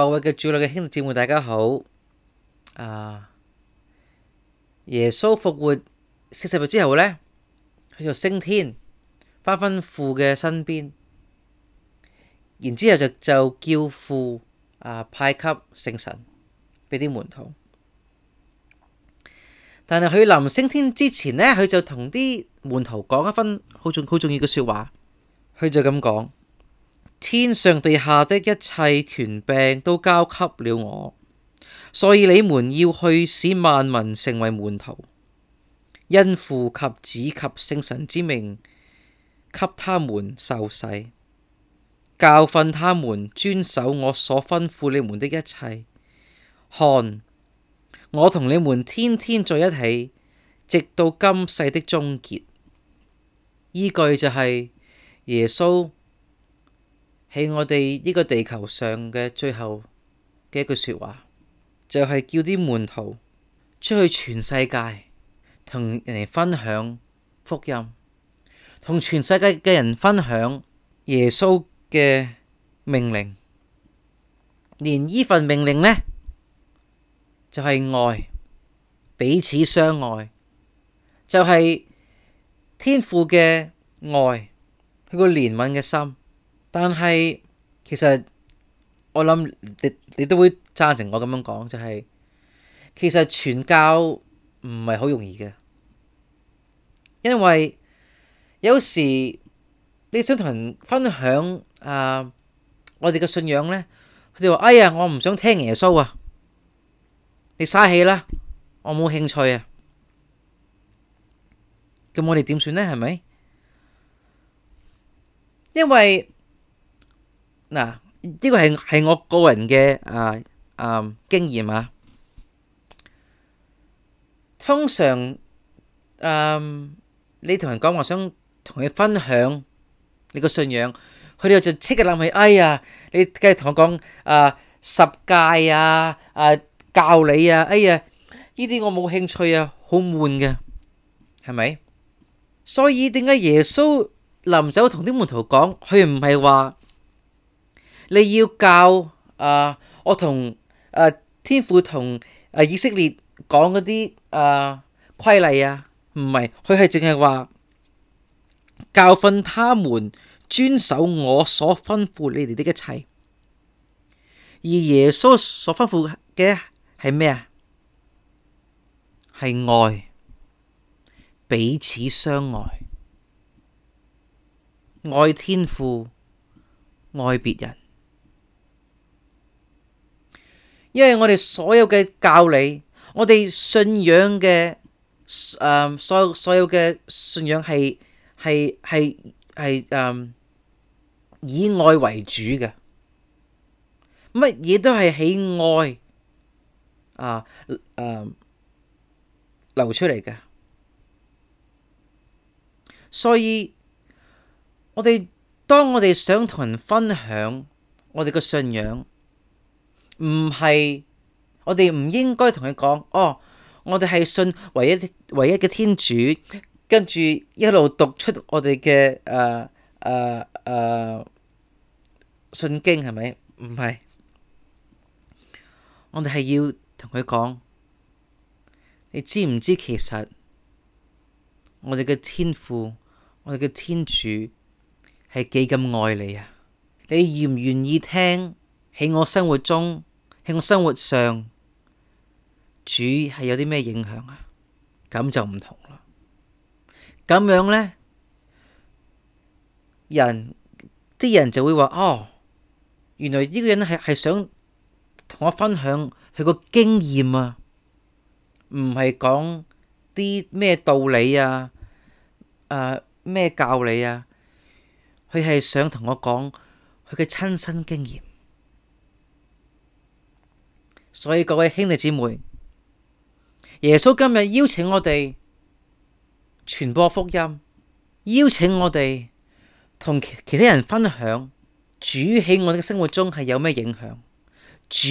各位嘅主內嘅兄弟姊妹，大家好。啊，耶穌復活四十日之後咧，佢就升天，翻返父嘅身邊，然之後就就叫父啊派給聖神，俾啲門徒。但係佢臨升天之前咧，佢就同啲門徒講一番好重好重要嘅說話，佢就咁講。天上地下的一切權柄都交給了我，所以你們要去使萬民成為門徒，因父及子及聖神之名，給他們受洗，教訓他們遵守我所吩咐你們的一切。看，我同你們天天在一起，直到今世的終結。呢句就係耶穌。喺我哋呢個地球上嘅最後嘅一句說話，就係、是、叫啲門徒出去全世界同人哋分享福音，同全世界嘅人分享耶穌嘅命令。連呢份命令呢，就係、是、愛，彼此相愛，就係、是、天父嘅愛，佢個憐憫嘅心。但係，其實我諗你你都會贊成我咁樣講，就係其實傳教唔係好容易嘅，因為有時你想同人分享啊，我哋嘅信仰呢，佢哋話：哎呀，我唔想聽耶穌啊！你嘥氣啦，我冇興趣啊！咁我哋點算呢？係咪？因為嗱，呢個係係我個人嘅啊啊經驗啊。通常，啊，你同人講，我想同佢分享你個信仰，佢哋就即刻諗起，哎呀，你繼續同我講啊十誡啊啊教你啊。哎呀，呢啲我冇興趣啊，好悶㗎，係咪？所以點解耶穌臨走同啲門徒講，佢唔係話？你要教啊，我同啊天父同啊以色列講嗰啲啊規例啊，唔係，佢係淨係話教訓他們遵守我所吩咐你哋的一切，而耶穌所吩咐嘅係咩啊？係愛，彼此相愛，愛天父，愛別人。因為我哋所有嘅教理，我哋信仰嘅誒，所有所有嘅信仰係係係係誒，以愛為主嘅，乜嘢都係喺愛啊誒、啊、流出嚟嘅，所以我哋當我哋想同人分享我哋嘅信仰。唔係，我哋唔應該同佢講，哦，我哋係信唯一唯一嘅天主，跟住一路讀出我哋嘅誒誒誒信經，係咪？唔係，我哋係要同佢講，你知唔知其實我哋嘅天父，我哋嘅天主係幾咁愛你啊？你願唔願意聽喺我生活中？喺我生活上，主係有啲咩影響啊？咁就唔同啦。咁樣呢，人啲人就會話哦，原來呢個人係係想同我分享佢個經驗啊，唔係講啲咩道理啊，誒咩教理啊，佢係想同我講佢嘅親身經驗。所以各位兄弟姊妹，耶穌今日邀請我哋傳播福音，邀請我哋同其他人分享主喺我哋嘅生活中係有咩影響。主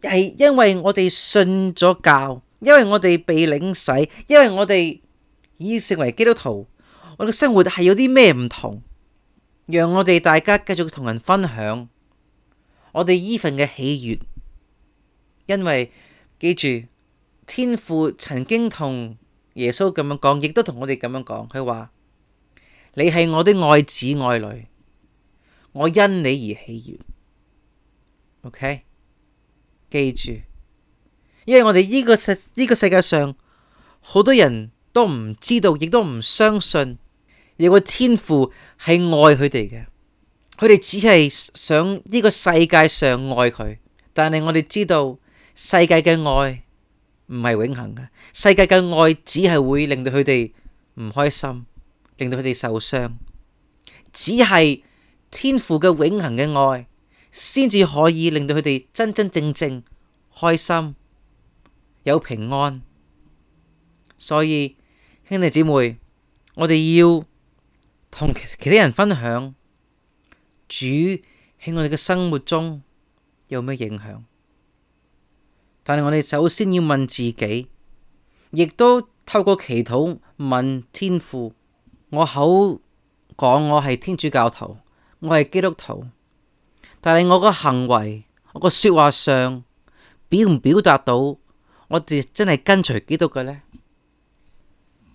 係因為我哋信咗教，因為我哋被領洗，因為我哋已經成為基督徒，我哋嘅生活係有啲咩唔同。讓我哋大家繼續同人分享我哋呢份嘅喜悅。因為記住天父曾經同耶穌咁樣講，亦都同我哋咁樣講，佢話你係我的愛子愛女，我因你而喜悅。OK，記住，因為我哋呢個世呢個世界上好多人都唔知道，亦都唔相信有個天父係愛佢哋嘅，佢哋只係想呢個世界上愛佢，但係我哋知道。世界嘅愛唔係永恒嘅，世界嘅愛只係會令到佢哋唔開心，令到佢哋受傷。只係天父嘅永恒嘅愛，先至可以令到佢哋真真正正開心，有平安。所以兄弟姊妹，我哋要同其他人分享主喺我哋嘅生活中有咩影響。但係我哋首先要問自己，亦都透過祈禱問天父。我口講我係天主教徒，我係基督徒，但係我個行為、我個說話上表唔表達到我哋真係跟隨基督嘅呢？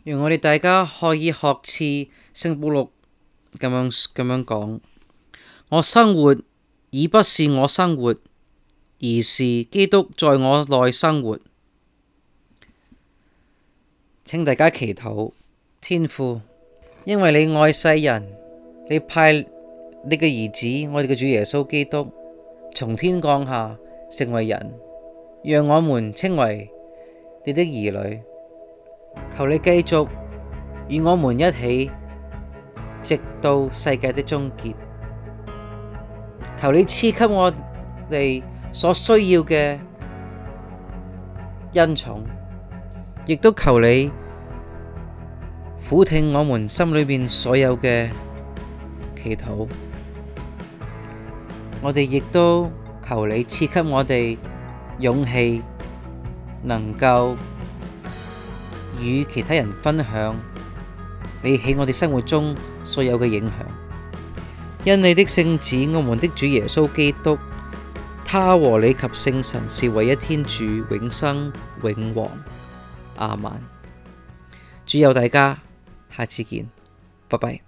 讓我哋大家可以學似聖保祿咁樣咁樣講：我生活已不是我生活。而是基督在我內生活。請大家祈禱。天父，因為你愛世人，你派你嘅兒子，我哋嘅主耶穌基督從天降下成為人，讓我們稱為你的兒女。求你繼續與我們一起，直到世界的終結。求你賜給我哋，所需要嘅恩寵，亦都求你俯聽我們心裏邊所有嘅祈禱。我哋亦都求你賜給我哋勇氣，能夠與其他人分享你喺我哋生活中所有嘅影響。因你的聖子，我們的主耶穌基督。他和你及聖神是唯一天主，永生永王。阿曼，主佑大家，下次見，拜拜。